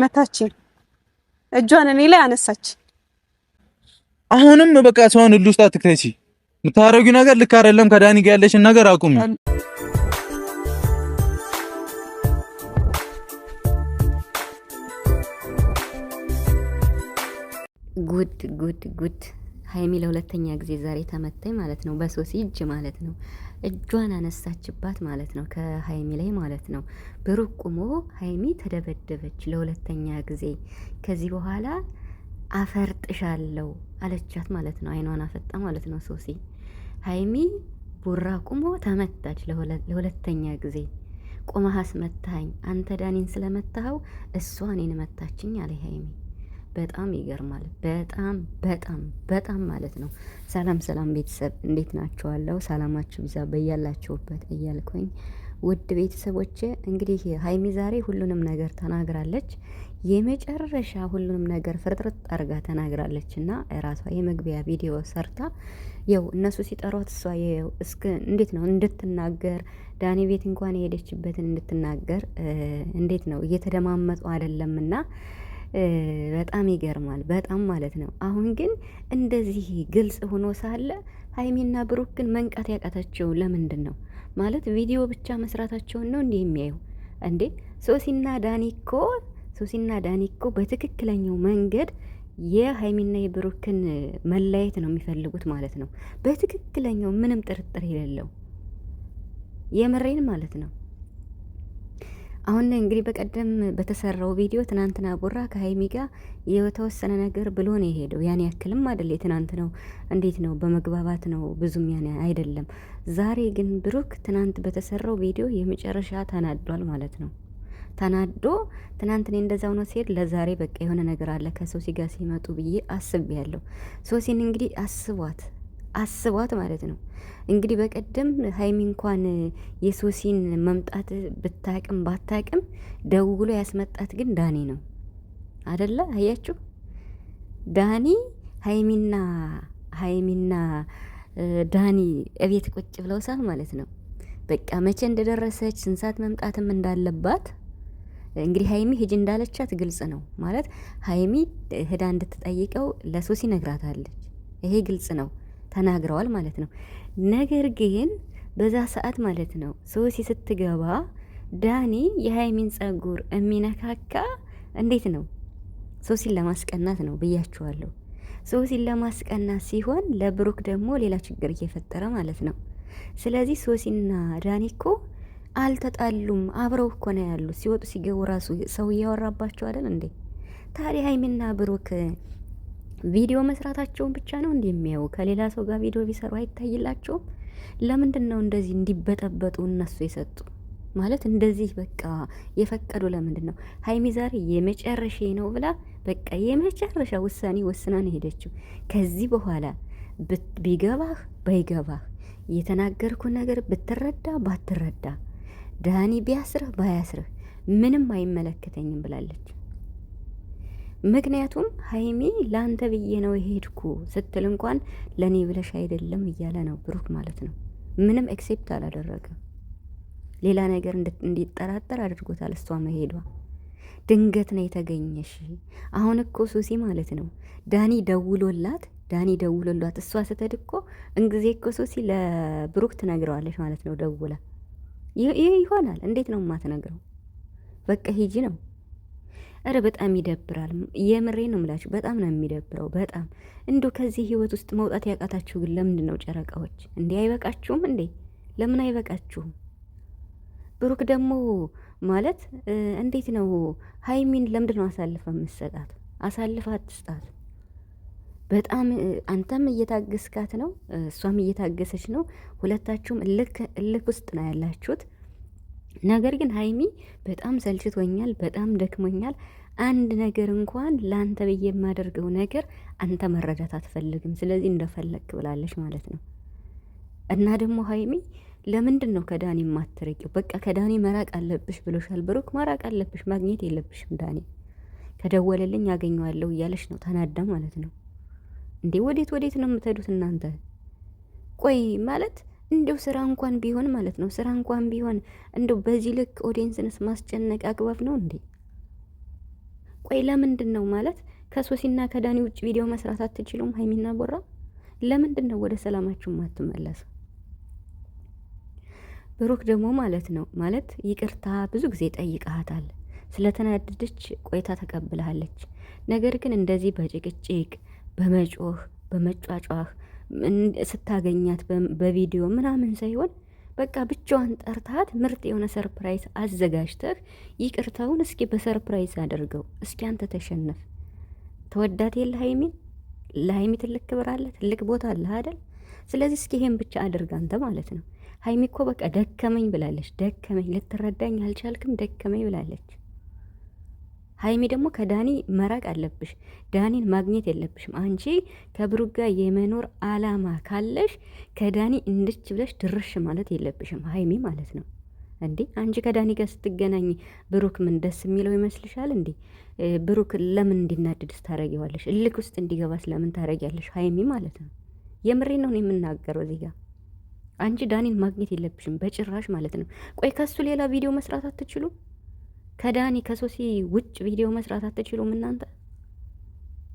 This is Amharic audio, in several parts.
መታችኝ። እጇን እኔ ላይ አነሳች። አሁንም በቃ ሰውን ሁሉ ውስጥ አትክተቺ። የምታረጊው ነገር ልክ አይደለም። ከዳኒ ጋር ያለሽን ነገር አቁሚ። ጉድ ጉድ ጉድ! ሀይሚ ለሁለተኛ ጊዜ ዛሬ ተመታኝ ማለት ነው፣ በሶሲ እጅ ማለት ነው። እጇን አነሳችባት ማለት ነው፣ ከሀይሚ ላይ ማለት ነው። ብሩክ ቁሞ ሀይሚ ተደበደበች ለሁለተኛ ጊዜ ከዚህ በኋላ አፈርጥሻለሁ አለቻት ማለት ነው። አይኗን አፈጣ ማለት ነው ሶሲ ሀይሚ ቡራ ቁሞ ተመታች ለሁለተኛ ጊዜ። ቆመሃስ መታኝ አንተ ዳኒን ስለመታኸው እሷ እኔን መታችኝ አለ ሀይሚ። በጣም ይገርማል። በጣም በጣም በጣም ማለት ነው። ሰላም ሰላም ቤተሰብ እንዴት ናችኋለሁ? ሰላማችሁ ይዛ በያላችሁበት እያልኩኝ ውድ ቤተሰቦች እንግዲህ ሀይሚ ዛሬ ሁሉንም ነገር ተናግራለች። የመጨረሻ ሁሉንም ነገር ፍርጥርጥ አርጋ ተናግራለች እና ራሷ የመግቢያ ቪዲዮ ሰርታ ያው እነሱ ሲጠሯት እሷ እስክ እንዴት ነው እንድትናገር ዳኒ ቤት እንኳን የሄደችበትን እንድትናገር እንዴት ነው እየተደማመጡ አይደለምና በጣም ይገርማል። በጣም ማለት ነው። አሁን ግን እንደዚህ ግልጽ ሆኖ ሳለ ሀይሚና ብሩክ ግን መንቃት ያቃታቸው ለምንድን ነው? ማለት ቪዲዮ ብቻ መስራታቸውን ነው እንዲህ የሚያዩ እንዴ? ሶሲና ዳኒኮ ሶሲና ዳኒኮ በትክክለኛው መንገድ የሀይሚና የብሩክን መለያየት ነው የሚፈልጉት ማለት ነው። በትክክለኛው ምንም ጥርጥር የሌለው የምሬን ማለት ነው። አሁን እንግዲህ በቀደም በተሰራው ቪዲዮ ትናንትና ቡራ ከሀይሚ ጋር የተወሰነ ነገር ብሎ ነው የሄደው። ያን ያክልም አይደል የትናንት ነው። እንዴት ነው በመግባባት ነው ብዙም ያን አይደለም። ዛሬ ግን ብሩክ ትናንት በተሰራው ቪዲዮ የመጨረሻ ተናዷል ማለት ነው። ተናዶ ትናንት እኔ እንደዛው ነው ሲሄድ ለዛሬ በቃ የሆነ ነገር አለ ከሶሲ ጋር ሲመጡ ብዬ አስቤያለሁ። ሶሲን እንግዲህ አስቧት አስቧት ማለት ነው። እንግዲህ በቀደም ሀይሚ እንኳን የሶሲን መምጣት ብታቅም ባታቅም ደውሎ ያስመጣት ግን ዳኒ ነው አደለ? አያችሁ ዳኒ ሀይሚና ሀይሚና ዳኒ እቤት ቁጭ ብለው ማለት ነው። በቃ መቼ እንደደረሰች ስንት ሰዓት መምጣትም እንዳለባት እንግዲህ ሀይሚ ህጅ እንዳለቻት ግልጽ ነው ማለት ሀይሚ ህዳ እንድትጠይቀው ለሶሲ ነግራታለች። ይሄ ግልጽ ነው። ተናግረዋል ማለት ነው። ነገር ግን በዛ ሰዓት ማለት ነው ሶሲ ስትገባ ዳኒ የሀይሚን ጸጉር የሚነካካ እንዴት ነው? ሶሲን ለማስቀናት ነው ብያችኋለሁ። ሶሲን ለማስቀናት ሲሆን ለብሩክ ደግሞ ሌላ ችግር እየፈጠረ ማለት ነው። ስለዚህ ሶሲና ዳኒ እኮ አልተጣሉም፣ አብረው እኮ ነው ያሉት። ሲወጡ ሲገቡ ራሱ ሰው እያወራባቸው አይደል እንዴ? ታዲያ ሀይሚና ብሩክ ቪዲዮ መስራታቸውን ብቻ ነው እንዲህ የሚያዩ ከሌላ ሰው ጋር ቪዲዮ ቢሰሩ አይታይላቸውም። ለምንድን ነው እንደዚህ እንዲበጠበጡ እነሱ የሰጡ ማለት እንደዚህ በቃ የፈቀዱ ለምንድን ነው? ሀይሚ ዛሬ የመጨረሻ ነው ብላ በቃ የመጨረሻ ውሳኔ ወስና ነው ሄደችው። ከዚህ በኋላ ቢገባህ ባይገባህ የተናገርኩ ነገር ብትረዳ ባትረዳ ዳኒ ቢያስርህ ባያስርህ ምንም አይመለከተኝም ብላለች። ምክንያቱም ሀይሚ ለአንተ ብዬ ነው የሄድኩ ስትል እንኳን ለእኔ ብለሽ አይደለም እያለ ነው ብሩክ ማለት ነው። ምንም ኤክሴፕት አላደረገም። ሌላ ነገር እንዲጠራጠር አድርጎታል። እሷ መሄዷ ድንገት ነው የተገኘሽ። አሁን እኮ ሱሲ ማለት ነው ዳኒ ደውሎላት ዳኒ ደውሎላት እሷ ስትሄድ እኮ እንጊዜ እኮ ሱሲ ለብሩክ ትነግረዋለች ማለት ነው። ደውላ ይሆናል እንዴት ነው የማትነግረው? በቃ ሂጂ ነው እረ በጣም ይደብራል። የምሬ ነው የምላችሁ፣ በጣም ነው የሚደብረው። በጣም እንዶ ከዚህ ህይወት ውስጥ መውጣት ያቃታችሁ ግን ለምንድን ነው ጨረቃዎች? እንዴ አይበቃችሁም እንዴ? ለምን አይበቃችሁም? ብሩክ ደግሞ ማለት እንዴት ነው ሀይሚን ለምንድን ነው አሳልፈ የምትሰጣት? አሳልፈ አትስጣት። በጣም አንተም እየታገስካት ነው፣ እሷም እየታገሰች ነው። ሁለታችሁም እልክ ውስጥ ነው ያላችሁት። ነገር ግን ሀይሚ በጣም ሰልችቶኛል፣ በጣም ደክሞኛል። አንድ ነገር እንኳን ለአንተ ብዬ የማደርገው ነገር አንተ መረዳት አትፈልግም። ስለዚህ እንደፈለግ ብላለች ማለት ነው። እና ደግሞ ሀይሚ ለምንድን ነው ከዳኒ የማትርቂው? በቃ ከዳኒ መራቅ አለብሽ ብሎሻል ብሩክ። መራቅ አለብሽ፣ ማግኘት የለብሽም ዳኒ። ከደወለልኝ ያገኘዋለሁ እያለች ነው ተናዳ ማለት ነው። እንዴ ወዴት ወዴት ነው የምትሄዱት እናንተ? ቆይ ማለት እንደው ስራ እንኳን ቢሆን ማለት ነው ስራ እንኳን ቢሆን እንደው በዚህ ልክ ኦዲየንስንስ ማስጨነቅ አግባብ ነው እንዴ? ቆይ ለምንድን ነው ማለት ከሶሲና ከዳኒ ውጭ ቪዲዮ መስራት አትችሉም? ሀይሚና ቦራ ለምንድን ነው ወደ ሰላማችሁ ማትመለሱ? ብሩክ ደግሞ ማለት ነው ማለት ይቅርታ ብዙ ጊዜ ጠይቀሃታል፣ ስለተናደደች ቆይታ ተቀብላለች ነገር ግን እንደዚህ በጭቅጭቅ በመጮህ በመጫጫህ ስታገኛት በቪዲዮ ምናምን ሳይሆን በቃ ብቻዋን ጠርታት ምርጥ የሆነ ሰርፕራይዝ አዘጋጅተህ ይቅርታውን እስኪ በሰርፕራይዝ አድርገው። እስኪ አንተ ተሸነፍ። ተወዳት የለ ሀይሚን ለሀይሚ ትልቅ ክብር አለ፣ ትልቅ ቦታ አለ አደል? ስለዚህ እስኪ ይሄን ብቻ አድርግ አንተ ማለት ነው። ሀይሚ እኮ በቃ ደከመኝ ብላለች። ደከመኝ ልትረዳኝ አልቻልክም፣ ደከመኝ ብላለች። ሀይሚ ደግሞ ከዳኒ መራቅ አለብሽ። ዳኒን ማግኘት የለብሽም። አንቺ ከብሩክ ጋር የመኖር አላማ ካለሽ ከዳኒ እንድች ብለሽ ድርሽ ማለት የለብሽም ሀይሚ ማለት ነው። እንዴ አንቺ ከዳኒ ጋር ስትገናኝ ብሩክ ምን ደስ የሚለው ይመስልሻል? እንዴ ብሩክ ለምን እንዲናድድስ ታረጊዋለሽ? እልክ ውስጥ እንዲገባስ ለምን ታረጊያለሽ? ሀይሚ ማለት ነው። የምሬ ነውን የምናገረው እዚህ ጋር አንቺ ዳኒን ማግኘት የለብሽም በጭራሽ ማለት ነው። ቆይ ከሱ ሌላ ቪዲዮ መስራት አትችሉ ከዳኒ ከሶሲ ውጭ ቪዲዮ መስራት አትችሉም እናንተ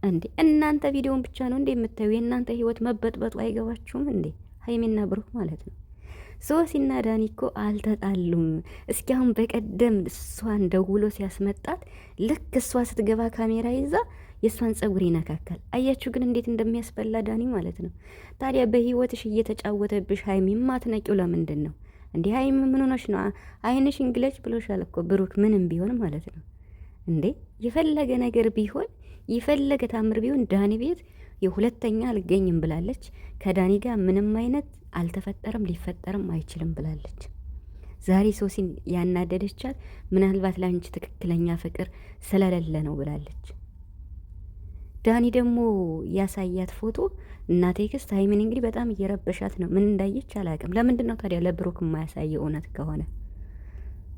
እንዴ? እናንተ ቪዲዮን ብቻ ነው እንዴ የምታዩ? የእናንተ ህይወት መበጥበጡ አይገባችሁም እንዴ? ሀይሜና ብሩክ ማለት ነው። ሶሲና ዳኒ እኮ አልተጣሉም። እስኪ አሁን በቀደም እሷን ደውሎ ሲያስመጣት ልክ እሷ ስትገባ ካሜራ ይዛ የእሷን ጸጉር ይነካከል። አያችሁ ግን እንዴት እንደሚያስበላ ዳኒ ማለት ነው። ታዲያ በህይወትሽ እየተጫወተብሽ ሀይሚ ማትነቂው ለምንድን ነው? እንዲህ ሀይም ምን ሆነሽ ነው? አይንሽ እንግለጭ ብሎሻል እኮ ብሩክ፣ ምንም ቢሆን ማለት ነው እንዴ የፈለገ ነገር ቢሆን የፈለገ ታምር ቢሆን ዳኒ ቤት የሁለተኛ አልገኝም ብላለች። ከዳኒ ጋር ምንም አይነት አልተፈጠረም ሊፈጠርም አይችልም ብላለች። ዛሬ ሶሲን ያናደደቻት ምናልባት ለአንቺ ትክክለኛ ፍቅር ስለሌለ ነው ብላለች። ዳኒ ደግሞ ያሳያት ፎቶ እናቴ ክስት ሀይሚን እንግዲህ በጣም እየረበሻት ነው። ምን እንዳየች አላውቅም። ለምንድን ነው ታዲያ ለብሩክ የማያሳየው? እውነት ከሆነ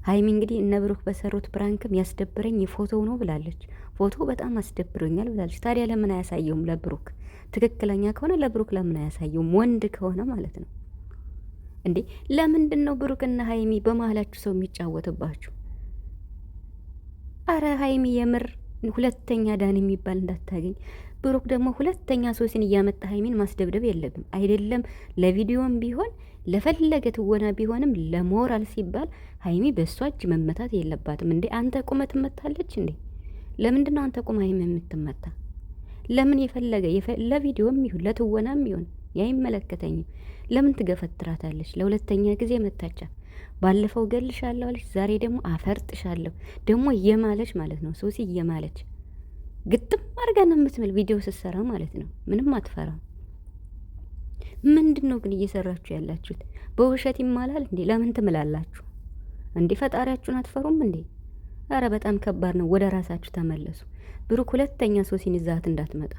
ሀይሚ እንግዲህ እነ ብሩክ በሰሩት ፕራንክም ያስደብረኝ ፎቶ ነው ብላለች። ፎቶ በጣም አስደብሮኛል ብላለች። ታዲያ ለምን አያሳየውም ለብሩክ? ትክክለኛ ከሆነ ለብሩክ ለምን አያሳየውም? ወንድ ከሆነ ማለት ነው እንዴ። ለምንድን ነው ብሩክና ሀይሚ በመሀላችሁ ሰው የሚጫወትባችሁ? አረ ሀይሚ የምር ሁለተኛ ዳን የሚባል እንዳታገኝ ብሩክ ደግሞ ሁለተኛ ሶሲን እያመጣ ሀይሚን ማስደብደብ የለብም አይደለም። ለቪዲዮም ቢሆን ለፈለገ ትወና ቢሆንም ለሞራል ሲባል ሀይሚ በእሷ እጅ መመታት የለባትም። እንዴ አንተ ቁመ ትመታለች እንዴ? ለምንድን ነው አንተ ቁመ ሀይሚ የምትመታ? ለምን የፈለገ ለቪዲዮም ይሁን ለትወናም ይሁን አይመለከተኝም። ለምን ትገፈትራታለች? ለሁለተኛ ጊዜ መታቻት። ባለፈው ገልሻለሁ አለች፣ ዛሬ ደግሞ አፈርጥሻለሁ ደግሞ እየማለች ማለት ነው ሶሲ እየማለች ግጥም አድርጋ ነው የምትምል ቪዲዮ ስትሰራ ማለት ነው። ምንም አትፈራም። ምንድን ነው ግን እየሰራችሁ ያላችሁት? በውሸት ይማላል እንዴ? ለምን ትምላላችሁ እንዴ? ፈጣሪያችሁን አትፈሩም እንዴ? አረ በጣም ከባድ ነው። ወደ ራሳችሁ ተመለሱ። ብሩክ ሁለተኛ ሶሲን ይዛት እንዳትመጣ